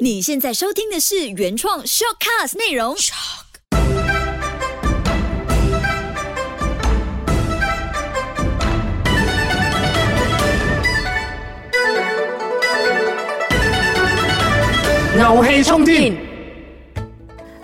你現在收聽的是原創 Shortcast 內容。牛氣沖天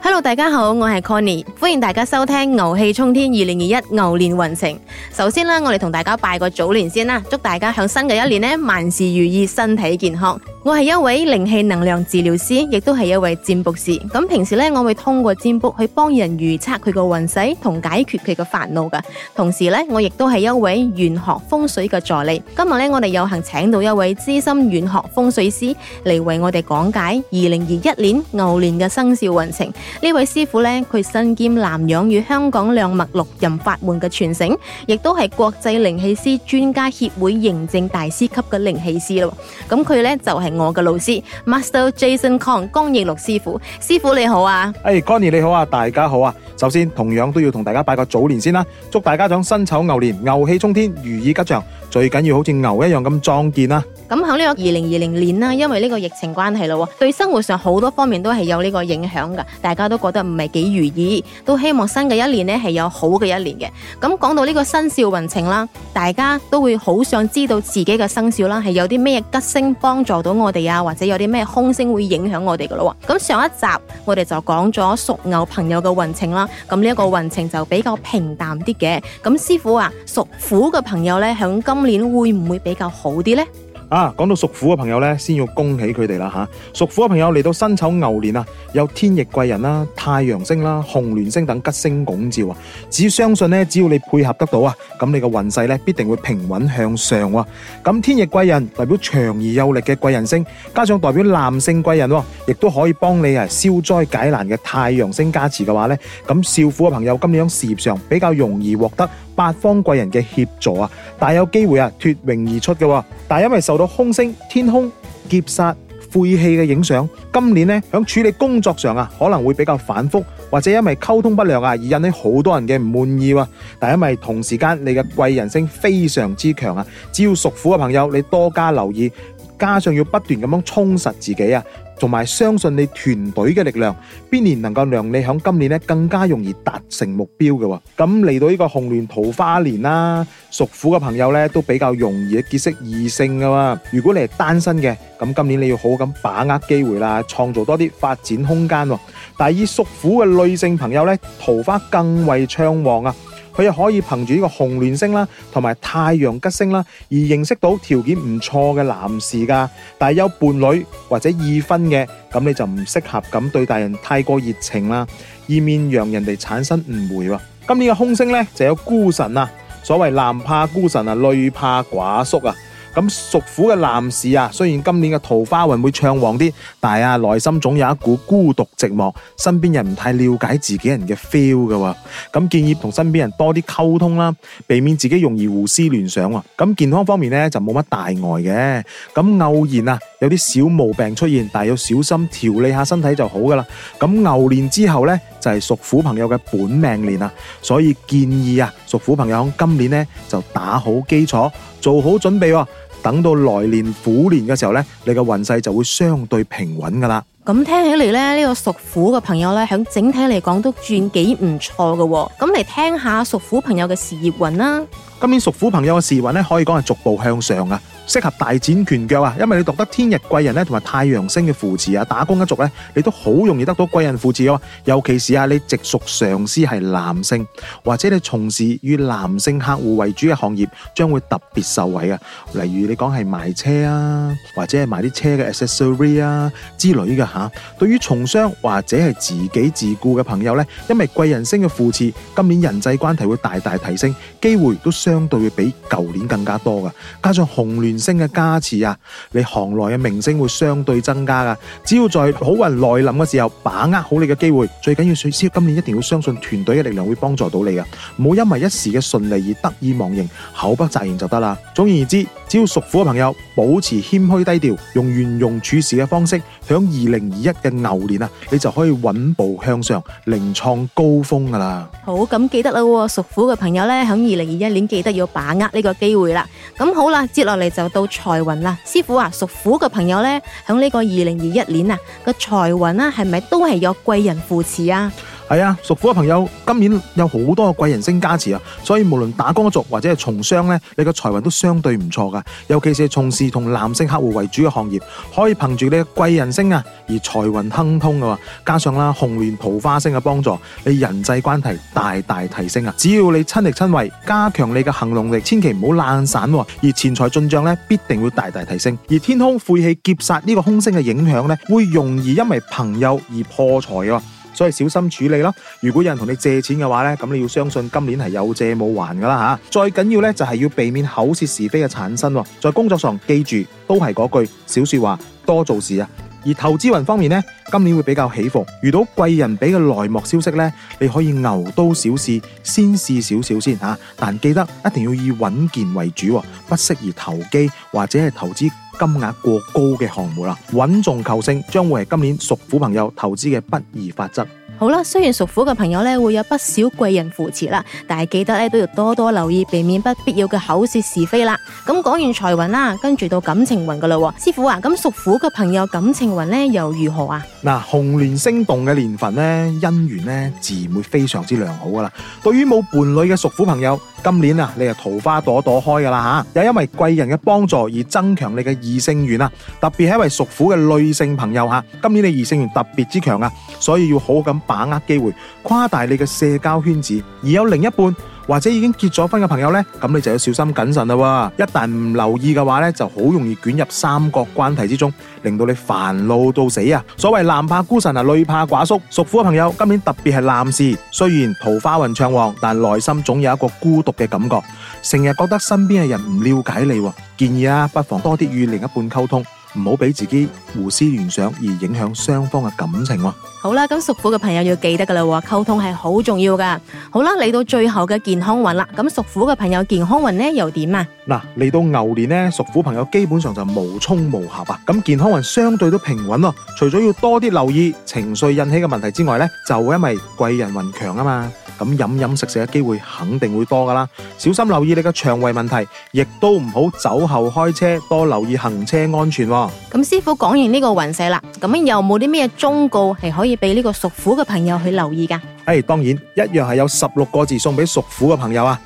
！Hello，大家好，我係 Connie，歡迎大家收聽《牛氣沖天2021》二零二一牛年運程。首先啦，我哋同大家拜個早年先啦，祝大家響新嘅一年呢，萬事如意，身體健康。我是一位靈氣能量治療師，也是一位占卜師。平時我會通過占卜去幫人預測他的運勢和解決他的煩惱。同時我也是一位玄學風水的助理。今天我們有幸請到一位資深玄學風水師來為我們講解二零二一年牛年的生肖運程。這位師傅他，佢身兼南洋與香港亮脈六任法門的傳承，也是國際靈氣師專家協會認證大師級的靈氣師。他就是我嘅老師 Master Jason Kong，江奕龍師傅，師傅你好啊！哎 Connie 你好啊，大家好啊！首先同樣都要同大家拜個早年先啦，祝大家長辛丑牛年牛氣沖天，如意吉祥，最緊要好似牛一樣咁壯健啦，啊！咁喺呢個二零二零年啦，因為呢個疫情關係咯，對生活上好多方面都係有呢個影響噶，大家都覺得唔係幾如意，都希望新嘅一年呢係有好嘅一年嘅。咁講到呢個生肖運程啦，大家都會好想知道自己嘅生肖啦，係有啲咩吉星幫助到我。我哋啊，或者有啲咩凶星會影響我哋噶咯。咁上一集我哋就講咗屬牛朋友嘅運程啦。咁呢一個運程就比較平淡啲嘅。咁師傅啊，屬虎嘅朋友咧，響今年會唔會比較好啲咧？啊，講到屬虎嘅朋友呢，先要恭喜佢哋啦嚇！屬虎嘅朋友嚟到辛丑牛年啊，有天翼貴人啦、太陽星啦、紅鸞星等吉星拱照，只相信呢，只要你配合得到啊，咁你嘅運勢必定會平穩向上啊。咁天翼貴人代表長而有力嘅貴人星，加上代表男性貴人，亦都可以幫你啊消災解難嘅太陽星加持嘅話呢。咁屬虎嘅朋友今年喺事業上比較容易獲得八方貴人嘅協助啊！但有機會啊，脫穎而出嘅。但係因為受到空星、天空劫煞、晦氣嘅影響，今年呢喺處理工作上啊，可能會比較反覆，或者因為溝通不良啊，而引起好多人嘅唔滿意。但係因為同時間你嘅貴人星非常之強啊，只要屬虎嘅朋友，你多加留意，加上要不斷噉樣充實自己啊。同埋相信你團隊嘅力量，必然能夠讓你喺今年呢更加容易達成目標㗎喎。咁嚟到呢個紅鸞桃花年啦，屬虎嘅朋友呢都比較容易結識異性㗎喎。如果你係單身嘅，咁今年你要好咁把握機會啦，創造多啲發展空間喎。但係以屬虎嘅女性朋友呢，桃花更為暢旺啊！佢又可以憑住呢個紅鸞星啦，同埋太陽吉星啦，而認識到條件唔錯嘅男士㗎。但有伴侶或者已婚嘅，咁你就唔適合咁對大人太過熱情啦，以免讓人哋產生誤會喎。今年嘅凶星呢，就有孤神啊，所謂男怕孤神啊，女怕寡宿啊。咁屬虎嘅男士啊，雖然今年嘅桃花運會暢旺啲，但係啊，內心總有一股孤獨寂寞，身邊人唔太了解自己人嘅 feel 噶。咁建議同身邊人多啲溝通啦，避免自己容易胡思亂想啊。咁健康方面咧就冇乜大礙嘅。咁偶然啊有啲小毛病出現，但係要小心調理下身體就好噶啦。咁牛年之後咧，就係屬虎朋友嘅本命年啊，所以建議啊，屬虎朋友今年咧就打好基礎，做好準備，等到來年虎年嘅時候咧，你嘅運勢就會相對平穩噶啦。咁聽起嚟咧，呢個屬虎嘅朋友咧，喺整體嚟講都算幾唔錯嘅。咁嚟聽下屬虎朋友嘅事業運啦。今年屬虎朋友嘅事業運咧，可以講係逐步向上啊。適合大展拳腳啊！因為你讀得天日貴人咧，同埋太陽星嘅扶持啊，打工一族咧，你都好容易得到貴人扶持。尤其是啊，你直屬上司係男性，或者你從事與男性客戶為主嘅行業，將會特別受惠啊。例如你講係賣車啊，或者係賣啲車嘅 accessory 啊之類嘅吓。對於從商或者係自己自顧嘅朋友咧，因為貴人星嘅扶持，今年人際關係會大大提升，機會都相對會比舊年更加多㗎。加上紅鸞。星嘅加持啊，你行內嘅明星會相對增加噶。只要在好運來臨嘅時候，把握好你嘅機會，最緊要取消今年一定要相信團隊嘅力量會幫助到你啊！唔好因為一時嘅順利而得意忘形，口不擇言就得啦。總而言之。只要屬虎嘅朋友保持謙虛低調，用圓融處事嘅方式，響二零二一嘅牛年你就可以穩步向上，另創高峰噶啦。好，咁記得啦，屬虎嘅朋友呢，響二零二一年記得要把握呢個機會啦。咁好啦，接落嚟就到財運啦。師傅啊，屬虎嘅朋友呢，響呢個二零二一年啊，個財運呀，係咪都係有貴人扶持啊？是啊，屬虎嘅朋友，今年有好多嘅貴人星加持啊，所以無論打工族或者係從商呢，你的財運都相對唔錯噶。尤其是係從事同男性客戶為主嘅行業，可以憑住你的貴人星啊，而財運亨通嘅。加上啦，紅鸞桃花星嘅幫助，你人際關係大大提升啊。只要你親力親為，加強你嘅行動力，千祈唔好懶散，而錢財進賬呢，必定會大大提升。而天空晦氣劫煞呢個空星嘅影響呢，會容易因為朋友而破財嘅。所以小心處理咯。如果有人同你借錢嘅話咧，咁你要相信今年係有借冇還噶啦吓，最緊要咧就係要避免口舌是非嘅產生喎。在工作上，記住都係嗰句少説話，多做事啊。而投資運方面咧，今年會比較起伏。遇到貴人俾嘅內幕消息咧，你可以牛刀小試先試少少先吓。但記得一定要以穩健為主，不適宜投機或者係投資。金額過高嘅項目啦，穩重求勝將會係今年屬虎朋友投資嘅不二法則。好啦，雖然屬虎嘅朋友呢會有不少貴人扶持啦，但係記得呢都要多多留意，避免不必要嘅口舌是非啦。咁講完財運啦，跟住到感情運噶啦。師傅啊，咁屬虎嘅朋友感情運呢又如何啊？嗱，紅鸞星動嘅年份呢，姻緣呢自然會非常之良好噶啦。對於冇伴侶嘅屬虎朋友，今年啊，你就桃花朵朵開噶啦吓，又因為貴人嘅幫助而增強你嘅異性緣啊。特別係一位屬虎嘅女性朋友吓，今年你異性緣特別之強啊，所以要好好咁。把握機會，誇大你嘅社交圈子；而有另一半或者已經結咗婚嘅朋友呢，咁你就要小心謹慎啦。一旦唔留意嘅話呢，就好容易捲入三角關係之中，令到你煩惱到死啊！所謂男怕孤神啊，女怕寡宿，屬虎嘅朋友今年特別是男士。雖然桃花運暢旺，但內心總有一個孤獨嘅感覺，成日覺得身邊嘅人唔了解你。建議啊，不妨多啲與另一半溝通。唔好俾自己胡思亂想而影響雙方嘅感情喎。好啦，咁屬虎嘅朋友要記得噶啦，溝通係好重要㗎。好啦，嚟到最後嘅健康運啦，咁屬虎嘅朋友的健康運呢又點啊？嗱，嚟到牛年呢，屬虎朋友基本上就無沖無合啊。咁健康運相對都平穩咯，除咗要多啲留意情緒引起嘅問題之外，呢，就因為貴人運強吖嘛。咁飲飲食食嘅機會肯定會多噶啦，小心留意你嘅腸胃問題，亦都唔好酒後開車，多留意行車安全。咁師傅講完呢個運勢啦，咁又冇啲咩忠告係可以俾呢個屬虎嘅朋友去留意噶？誒，當然一樣係有十六個字送俾屬虎嘅朋友啊，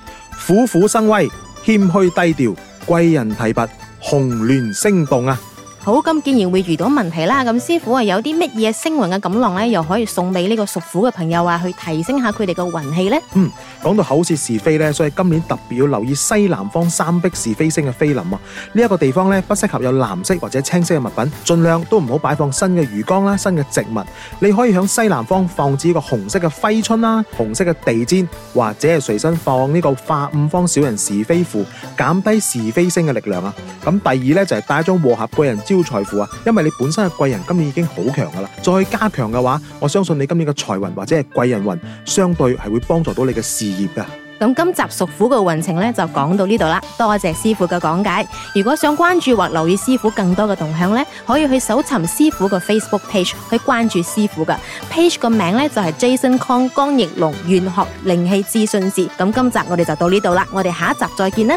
虎虎生威，謙虛低調，貴人提拔，紅鸞星動啊！好咁，既然會遇到問題啦，咁師傅啊，有啲乜嘢星雲嘅錦囊咧，又可以送俾呢個屬虎嘅朋友啊，去提升下佢哋嘅運氣呢？嗯，講到口舌是，是非咧，所以今年特別要留意西南方三碧是非星嘅飛臨啊。呢一個地方咧，不適合有藍色或者青色嘅物品，儘量都唔好擺放新嘅魚缸啦、新嘅植物。你可以向西南方放置一個紅色嘅揮春啦、紅色嘅地氈，或者係隨身放呢個化五方小人是非符，減低是非星嘅力量啊。咁第二咧就係帶咗和合貴人。財富啊，因為你本身嘅貴人今年已經好強噶啦，再加強嘅話，我相信你今年嘅財運或者係貴人運，相對係會幫助到你嘅事業噶。咁今集屬虎嘅運程咧，就講到呢度啦。多謝師傅嘅講解。如果想關注或留意師傅更多嘅動向咧，可以去搜尋師傅嘅 Facebook page 去關注師傅嘅 page 個名咧就係、是、Jason Kong 江奕龍玄學靈氣資訊節。咁今集我哋就到呢度啦，我哋下一集再見啦。